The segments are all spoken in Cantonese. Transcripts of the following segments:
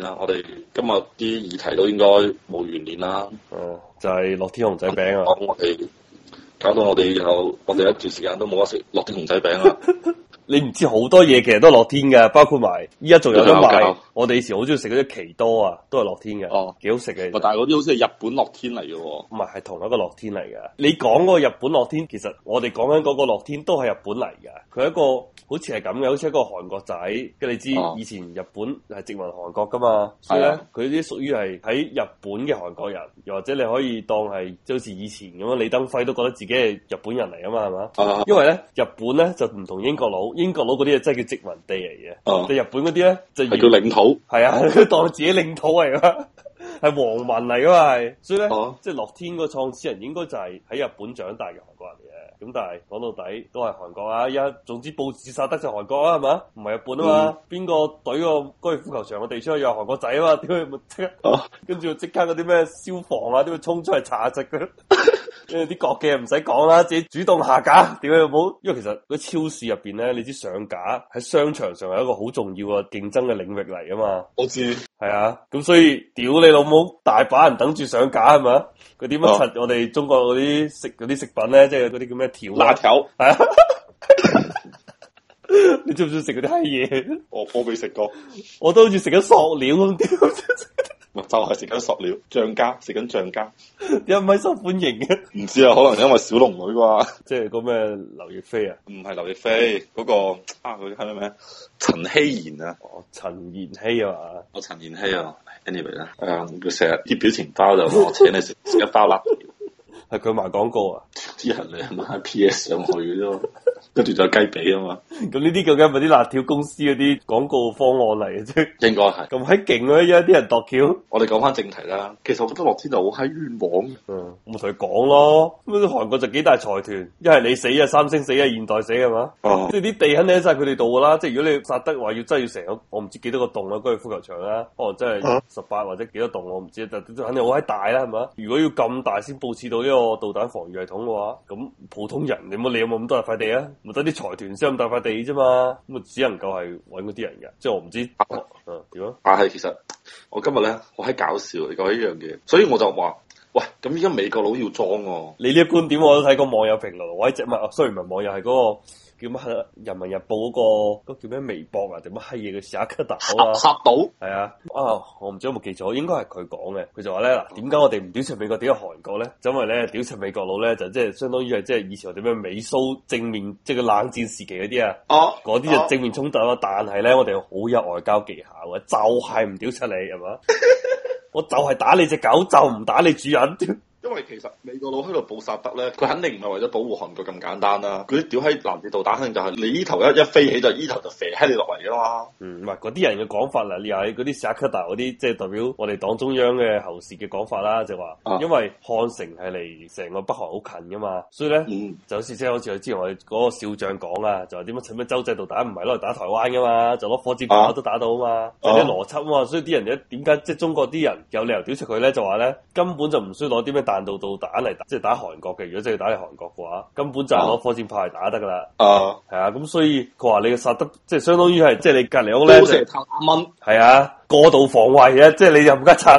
我哋今日啲議題都應該冇懸念啦。哦、嗯，就係、是、樂天熊仔餅啊！我哋搞到我哋以後，我哋一段時間都冇得食樂天熊仔餅啦。 你唔知好多嘢，其實都係樂天嘅，包括埋依家仲有得賣。嗯嗯、我哋以前好中意食嗰啲奇多啊，都係樂天嘅，哦，幾好食嘅。但係嗰啲好似係日本樂天嚟嘅。哦，唔係，係同一個樂天嚟嘅。你講嗰個日本樂天，其實我哋講緊嗰個樂天都係日本嚟嘅。佢一個好似係咁嘅，好似一個韓國仔。咁你知以前日本係殖民韓國噶嘛？所以咧，哦，佢啲屬於係喺日本嘅韓國人，又或者你可以當係，就好似以前咁樣，李登輝都覺得自己係日本人嚟啊嘛，係嘛？哦嗯，因為咧，日本咧就唔同英國佬。英國佬嗰啲嘢真係叫殖民地嚟嘅，你、啊、日本嗰啲咧就係叫領土，係啊，當自己領土嚟噶，係 皇民嚟噶嘛，所以咧，啊、即係樂天個創始人應該就係喺日本長大嘅韓國人嚟嘅，咁但係講到底都係韓國啊，而家總之報紙殺得就韓國啊，係嘛，唔係日本啊、嗯、嘛，邊個懟個高爾夫球場個地出去又韓國仔啊嘛，點會即刻？啊啊、跟住即刻嗰啲咩消防啊，都要衝出去查即刻。 啲國嘅唔使講啦，自己主動下架，屌你老母！因為其實超市入邊咧，你知上架喺商場上係一個好重要嘅競爭嘅領域嚟噶嘛？我知係啊，咁所以屌你老母，大把人等住上架係嘛？嗰啲乜柒，我哋中國嗰啲食嗰啲食品咧，即係嗰啲叫咩條辣條，係啊？你中唔中意食嗰啲閪嘢？我冇未食過，我都好似食咗塑料咁。 就係食緊塑料橡膠，食緊橡膠，又唔係受歡迎嘅，唔 知啊，可能因為小龍女啩，即係個咩劉亦菲啊，唔係劉亦菲，嗰、那個啊佢係咩陳希妍啊，哦陳妍希啊、哦、嘛，我陳、哦、妍希啊、哦、anyway 啦、嗯，誒佢成日啲表情包就我請你食食 一包辣條，係佢賣廣告啊，啲人嚟買 P S、啊、PS 上去嘅啫。 跟住就雞髀啊嘛！咁呢啲究竟係咪啲辣條公司嗰啲廣告方案嚟嘅啫？ 應該係咁閪勁啊！而家啲人度橋， 我哋講翻正題啦。其實我覺得樂天就好喺冤枉嘅。嗯，我咪同佢講咯，咁韓國就幾大財團，一係你死啊，三星死啊，現代死係嘛？哦，啊、即係啲地肯定喺晒佢哋度㗎啦。即係如果你殺得話，要真係要成個，我唔知幾多個洞啦，嗰、高爾夫球場啦，哦，真係十八或者幾多洞我唔知，就肯定好喺大啦，係嘛？如果要咁大先佈置到呢個導彈防禦系統嘅話，咁普通人你冇你有冇咁多塊地啊？咪得啲財團 sell 咁大塊地啫嘛，咁啊只能夠係揾嗰啲人嘅，即係我唔知，嗯，點樣啊？但係其實我今日咧我喺搞笑，嚟講呢樣嘢，所以我就話，喂，咁依家美國佬要裝哦，你呢個觀點我都睇過網友評論，我一隻咪，雖然唔係網友，係嗰個。叫乜？人民日報嗰個，嗰個叫咩微博啊？定乜閪嘢嘅？寫 cut 島啊，吓到係啊，啊，啊啊哦、我唔知有冇記錯，應該係佢講嘅。佢就話咧，點解我哋唔屌出美國，屌出韓國咧？因為咧，屌出美國佬咧，就即係相當於係即係以前我哋咩美蘇正面，即係個冷戰時期嗰啲啊，嗰啲就正面衝突咯。但係咧，我哋好有外交技巧嘅，就係唔屌出你，係嘛？ 我就係打你隻狗，就唔打你主人。 因為其實美國佬喺度佈薩德咧，佢肯定唔係為咗保護韓國咁簡單啦、啊。佢啲屌閪攔截導彈，肯定就係你呢頭一一飛起就、嗯呢，就依頭就射閪你落嚟嘅啦。嗯，唔係嗰啲人嘅講法啦，你又係嗰啲沙克達嗰啲，即係代表我哋黨中央嘅喉舌嘅講法啦，就話、是啊、因為漢城係離成個北韓好近噶嘛，所以咧、嗯、就好似即係好似佢之前我哋嗰個少將講啊，就話點乜點乜洲際導彈唔係攞嚟打台灣噶嘛，就攞火箭炮、啊、都打到嘛，有、就、啲、是、邏輯嘛，所以啲人點解即係中國啲人有理由屌出佢咧？就話咧根本就唔需要攞啲咩。彈到到打嚟即係打韓國嘅。如果真係打嚟韓國嘅話，根本就係攞火箭炮嚟打得噶啦。啊，係啊。咁所以佢話你殺得，即係相當於係，即係你隔籬屋咧。多蛇頭蚊係啊，過度防衛啊，即係你又唔得拆。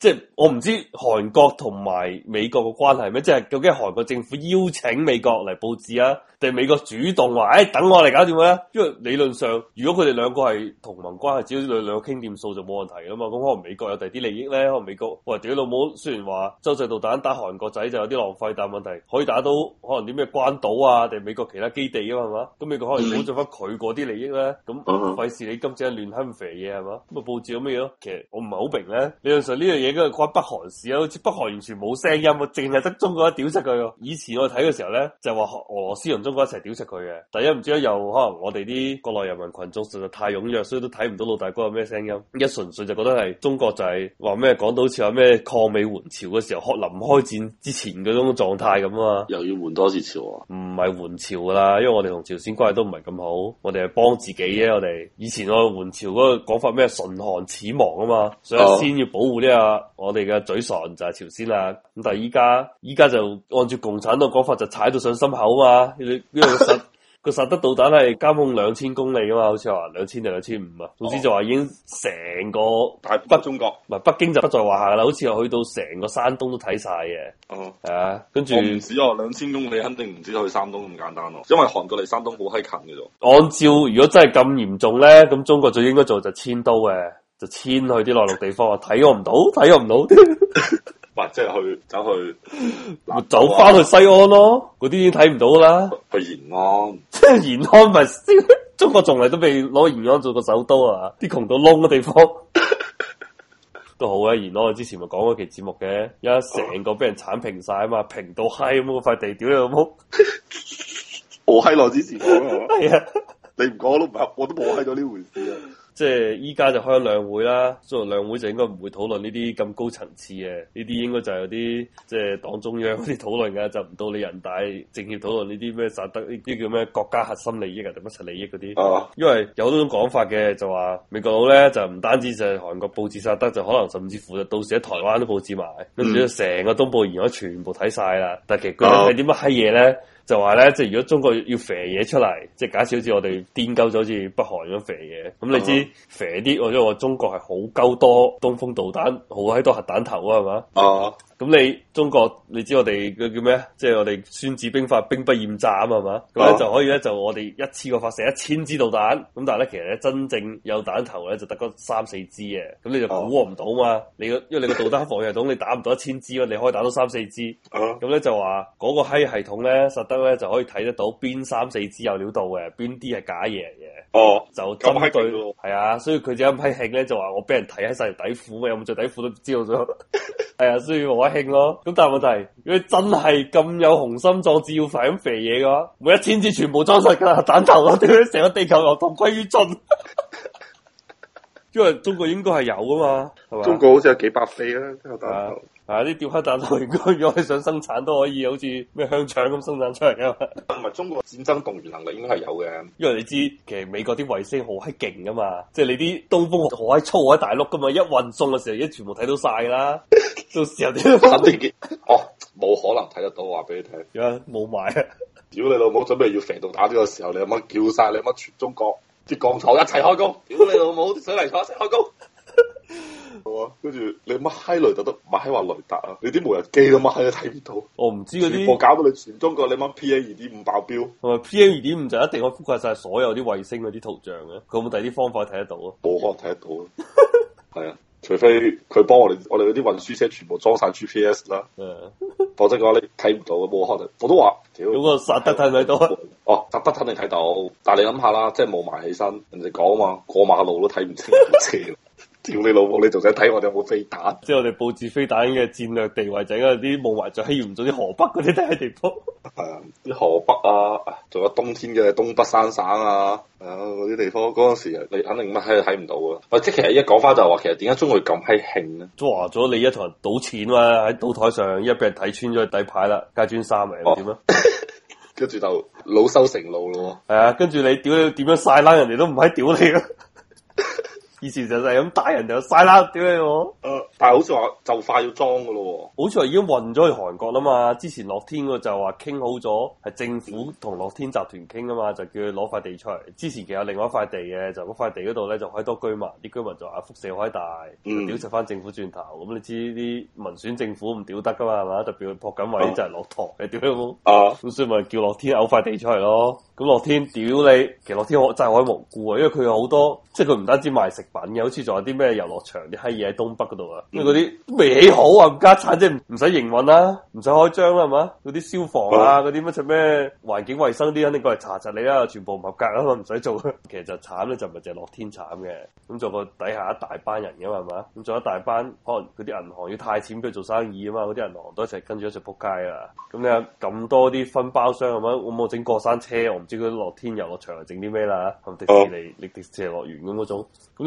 即係我唔知韓國同埋美國嘅關係咩？即係究竟係韓國政府邀請美國嚟佈置啊？定美國主動話，誒、哎、等我嚟搞掂嘅、啊？因為理論上，如果佢哋兩個係同盟關係，只要兩兩個傾掂數就冇問題噶嘛。咁可能美國有第二啲利益咧？可能美國喂屌、呃、老母，雖然話洲際導彈打韓國仔就有啲浪費，但問題可以打到可能啲咩關島啊，定美國其他基地啊，係嘛？咁美國可能保障翻佢嗰啲利益咧。咁費事你今次亂吞肥嘢係嘛？咁啊佈置咗咩咯？其實我唔係好明咧。理論上呢樣嘢。佢係講北韓事啊，好似北韓完全冇聲音，啊，淨係得中國一屌出佢。以前我睇嘅時候咧，就話俄羅斯同中國一齊屌出佢嘅。第一唔知又可能我哋啲國內人民群眾實在太踴躍，所以都睇唔到老大哥有咩聲音。一純粹就覺得係中國就係話咩講到好似話咩抗美援朝嘅時候，臨開戰之前嗰種狀態咁啊，嘛，又要換多次朝啊。唔係援朝啦，因為我哋同朝鮮關係都唔係咁好，我哋係幫自己啫。我哋以前我哋援朝嗰個講法咩唇寒齒亡啊嘛，所以先要保護呢個。我哋嘅嘴唇就係朝鮮啦，咁但係依家依家就按照共產黨講法就踩到上心口啊！嗰個薩，嗰個薩德導彈係監控兩千公里噶嘛？好似話兩千定兩千五啊！總之就話已經成個北大北中國，唔係北京就不在話下啦。好似話去到成個山東都睇晒嘅。哦係、uh huh. 啊，跟住唔止啊，兩千公里肯定唔止去山東咁簡單咯，啊。因為韓國嚟山東好閪近嘅啫。按照如果真係咁嚴重咧，咁中國最應該做就遷都嘅。就遷去啲內陸地方啊！睇我唔到，睇我唔到。唔係即係去走去， 走翻去西安咯。嗰啲已經睇唔到啦。去延安，即係 延安咪？中國從嚟都未攞延安做過首都啊！啲窮到窿嘅地方 都好啊。延安我之前咪講過一期節目嘅，而家成個俾人鏟平晒啊嘛，平到閪咁個塊地屌你老母，嗯、 我閪耐之前講係嘛， 你唔講都唔係，我都冇閪咗呢回事啊！即係依家就開咗兩會啦，所以兩會就應該唔會討論呢啲咁高層次嘅，呢啲應該就係有啲即係黨中央啲討論嘅，就唔到你人大政協討論呢啲咩薩德呢啲叫咩國家核心利益啊，定乜柒利益嗰啲。因為有好多種講法嘅，就話美國佬咧就唔單止就係韓國佈置薩德，就可能甚至乎到時喺台灣都佈置埋，跟住成個東部沿海全部睇晒啦。但其實佢睇啲乜閪嘢咧？就話咧，即係如果中國要肥嘢出嚟，即係假設好似我哋癲鳩咗好似北韓咁肥嘢，咁你知肥啲、uh huh.，我因為我中國係好鳩多東風導彈，好閪多，多核彈頭啊，係嘛？啊、uh！Huh. 咁你中國，你知我哋叫咩？即係我哋《孫子兵法》，兵不厭詐啊嘛，係嘛？咁咧、uh huh. 就可以咧，就我哋一次過發射一千支導彈，咁但係咧，其實咧真正有彈頭咧，就得嗰三四支嘅，咁你就估我唔到嘛？Uh huh. 你個因為你個導彈防禦系統， 你打唔到一千支，你可以打到三四支。咁咧、uh huh. 就話嗰、那個閪系統咧，實得咧就可以睇得到邊三四支有料到嘅，邊啲係假嘢嘅。哦、uh，huh. 就針對係啊，所以佢就一批慶咧，就話我俾人睇喺晒底褲，有冇着底褲都知道咗。係啊，所以我。興咯，咁但係問題，如果真係咁有雄心壯志要反肥嘢嘅話，每一千支全部裝晒個彈頭咯，掉喺成個地球又同歸於盡。 因為中國應該係有噶嘛，係嘛？中國好似有幾百飛啦，蛋、 啊啊、頭啊啲吊黑彈頭，如果你想生產都可以，好似咩香腸咁生產出嚟噶嘛。同 埋中國戰爭動員能力應該係有嘅，因為你知其實美國啲衛星好閪勁噶嘛，即、就、係、是、你啲東風好閪粗，喺大陸噶嘛，一運送嘅時候已經，已一全部睇到晒啦。到時候肯定，哦，冇可能睇得到，話俾你聽。而家冇埋。啊！屌你老母，準備要肥到打啲嘅時候，你阿媽叫晒？你阿媽全中國啲鋼廠一齊開工？屌你老母，水泥廠一齊開工？好啊，跟住你乜嗨雷達都，唔係嗨話雷達啊？你啲無人機，都乜喺度睇唔到？我唔知嗰啲全部搞到你全中國，你乜 PM 二點五爆標？係咪 PM 二點五就一定可以覆蓋晒所有啲衛星嗰啲圖像嘅？佢有冇第啲方法睇得到啊？我可能睇得到咯，係啊。除非佢幫我哋，我哋嗰啲運輸車全部裝晒 GPS 啦。嗯，否則嘅話你睇唔到嘅，冇可能。我都話，屌，咁我薩德睇唔睇到啊？哦，薩德睇定睇到，但係你諗下啦，即係霧埋起身，人哋講啊嘛，過馬路都睇唔清車。 屌你老母，你仲想睇我哋有冇飛彈？即係我哋布置飛彈嘅戰略地位，就喺啲霧霾最嚴重嗰啲河北嗰啲地方，誒、嗯，啲河北啊，仲有冬天嘅東北三省啊，啊嗰啲地方，嗰陣時你肯定乜嘢都睇唔到啊。喂，即係其實一講翻就話、是，其實點解中國咁系興啊？抓咗你一台人賭錢啊，喺賭台上一俾人睇穿咗底牌啦、啊，加穿衫嚟點啊？跟住、哦、 就惱羞成怒咯。係啊、嗯，跟住你屌你點樣晒冷，人哋都唔喺屌你咯。 以前就就咁大人就嘥啦，屌你樣？誒、呃，但係好似話就快要裝嘅咯，好似話已經運咗去韓國啦嘛。之前樂天嘅就話傾好咗，係政府同樂天集團傾啊嘛，就叫佢攞塊地出嚟。之前其實另外一塊地嘅，就嗰塊地嗰度咧就開多居民，啲居民就話輻射開大，嗯，就屌直翻政府轉頭，咁你知啲民選政府唔屌得噶嘛，係嘛？特別佢扑緊位就係落台嘅，點樣樣？啊，啊所以咪叫樂天嘔塊地出嚟咯。咁樂天屌你，其實樂天我真係好無辜啊，因為佢有好多，即係佢唔單止賣食。品嘅，好似仲有啲咩遊樂場啲閪嘢，喺東北嗰度啊，嗰啲未起好啊，唔加產即唔使營運啦，唔使開張啦，係嘛？嗰啲消防啊，嗰啲乜柒咩環境衛生啲，肯定過嚟查查你啦、啊，全部唔合格啊嘛，唔使做。其實就慘咧，就唔係淨係樂天慘嘅，咁做個底下一大班人噶嘛，係嘛？咁仲有一大班可能嗰啲銀行要貸錢俾佢做生意啊嘛，嗰啲銀行都一齊跟住一齊扑街啊。咁你咁多啲分包商啊，我我整過山車，我唔知佢樂天遊樂場係整啲咩啦，同迪、嗯、士尼、力迪士尼樂園咁嗰種，咁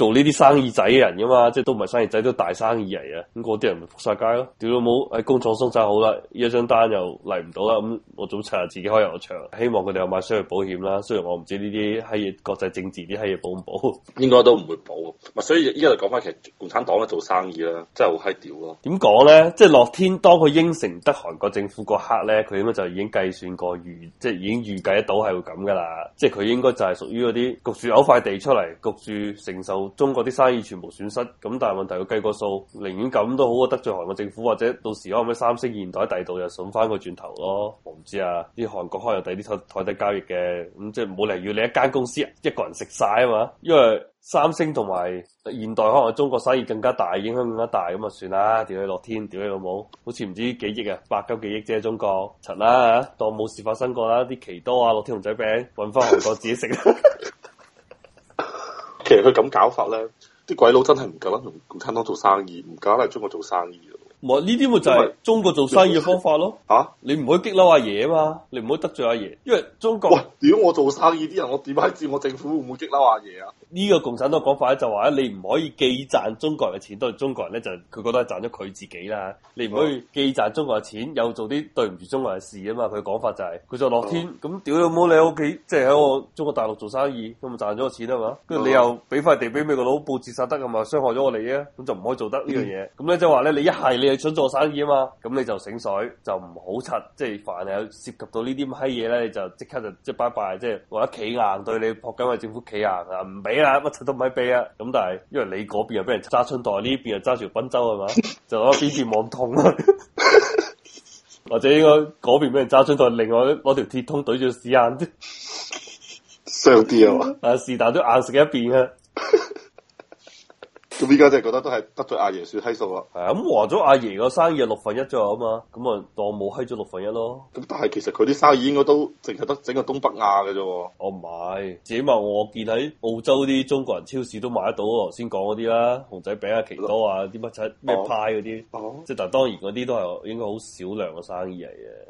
做呢啲生意仔嘅人噶嘛，即係都唔係生意仔，都大生意嚟啊！咁嗰啲人咪仆晒街咯，屌你老母喺工廠生產好啦，一張單又嚟唔到啦。咁、嗯、我早拆下自己開油廠，希望佢哋有買商業保險啦。雖然我唔知呢啲閪嘢國際政治啲閪嘢保唔保，應該都唔會保。咪所以依家就講翻其實共產黨咧做生意咧，真係好閪屌咯。點講咧？即係樂天當佢應承得韓國政府嗰刻咧，佢應該就已經計算過預，即係已經預計得到係會咁噶啦。即係佢應該就係屬於嗰啲焗住嗰塊地出嚟，焗住承受。中國啲生意全部損失，咁但係問題佢計個數，寧願咁都好過得罪韓國政府，或者到時可能咩三星、現代第度又順翻個轉頭咯。我唔知啊，啲韓國開有第啲台，台台底交易嘅，咁、嗯、即係唔好嚟要你一間公司一個人食晒啊嘛。因為三星同埋現代可能中國生意更加大，影響更加大，咁啊算啦，屌你樂天，屌你老母，好似唔知幾億啊，百九幾億啫，啊，中國，柒啦吓，當冇事發生過啦。啲奇多啊，樂天熊仔餅，搵翻韓國自己食。 其實佢咁搞法咧，啲鬼佬真係唔夠膽同共產黨做生意，唔夠膽嚟中國做生意。呢啲咪就係中國做生意嘅方法咯。吓、啊，你唔可以激嬲阿爺啊嘛，你唔可以得罪阿爺，因為中國。屌我做生意啲人，我點解知我政府會唔會激嬲阿爺啊？呢個共產黨講法咧就話咧，你唔可以既賺中國人嘅錢，但係中國人咧就佢、是、覺得係賺咗佢自己啦。你唔可以既賺中國人嘅錢，又做啲對唔住中國人嘅事啊嘛。佢講法就係、是、佢、嗯、就樂天咁，屌你冇你喺屋企，即係喺我中國大陸做生意咁，咪賺咗我錢啦嘛。跟住、嗯、你又俾塊地俾美國佬，部署薩德啊嘛，傷害咗我哋啊，咁就唔可以做得呢樣嘢。咁咧、嗯、即係話咧，你一係你。你想做生意啊嘛，咁你就醒水，就唔好柒。即係凡係涉及到呢啲咁閪嘢咧，你就即刻就即係拜拜。即係或者企硬對你撲緊，係政府企硬啊，唔俾啊，乜柒都唔俾啊。咁但係因為你嗰邊又俾人揸春袋，呢邊又揸住賓周係嘛，就兩邊望痛啊。 或者應該嗰邊俾人揸春袋。另外攞條鐵通懟住屎眼，傷啲啊嘛。誒，是但都硬食一邊啊。咁依家真係覺得都係得咗阿爺算虧數啦。係啊、嗯，咁還咗阿爺個生意六分一咗啊嘛，咁啊當冇虧咗六分一咯。咁但係其實佢啲生意應該都淨係得整個東北亞嘅啫、哦。我唔係，最起碼我見喺澳洲啲中國人超市都買得到，頭先講嗰啲啦，熊仔餅啊、奇多啊、啲乜七咩派嗰啲，即係、嗯、但係當然嗰啲都係應該好少量嘅生意嚟嘅。